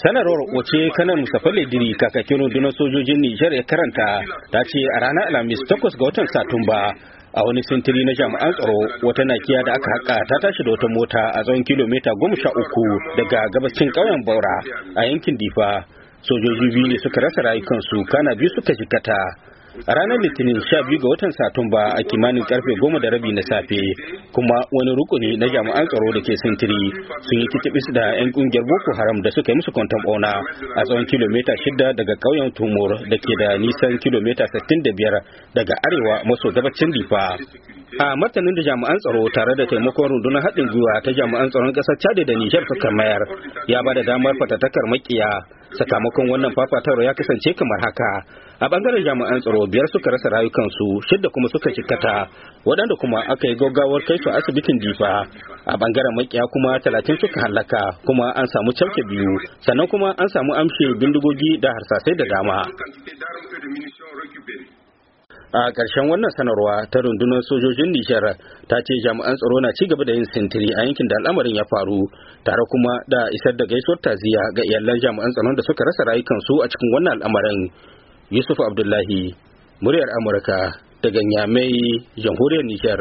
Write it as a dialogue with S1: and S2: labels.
S1: sanarwar wace kanan mustapha lediri kakakin rundunar sojojin nijar ya karanta ta ce a ranar alhamis takwas ga watan satumba a wani sintiri na jami'an tsaro wata nakiya da aka haka ta tashi da wata mota a tsawon kilomita goma sha uku daga gabacin ƙauyen baura a yankin difa sojoji biyu ne suka rasa rayukansu kana biyu suka jikata a ranar litinin sha biyu ga watan satumba a kimanin karfe goma da rabi na safe kuma wani rukuni na jami'an tsaro da ke sintiri sun yi kicibis da 'yan kungiyar boko haram da suka yi musu kwanton bauna a tsawon kilomita shida daga ƙauyen tumur da ke da nisan kilomita sittin da biyar daga arewa maso gabacin difa a martanin da jami'an tsaro tare da taimakon rundunar haɗin gwiwa ta jami'an tsaron ƙasar chad da nijar ta mayar ya ba da damar fatattakar makiya sakamakon wannan fafatawar ya kasance kamar haka a bangaren jami'an tsaro biyar suka rasa rayukansu shidda kuma suka cikata waɗanda kuma aka yi gaggawar kai su asibitin difa a bangaren makiya kuma talatin suka halaka kuma an samu calke biyu sannan kuma an samu amshe bindigogi da harsasai da dama a ƙarshen wannan sanarwa ta rundunar sojojin nijar ta ce jami'an tsaro na ci gaba da yin sintiri a yankin da al'amarin ya faru tare kuma da isar da gaisuwar taziya ga iyalan jami'an tsaron da suka rasa rayukansu a cikin wannan al'amarin yusuf abdullahi muryar amurka daga nyamai jamhuriyar nijar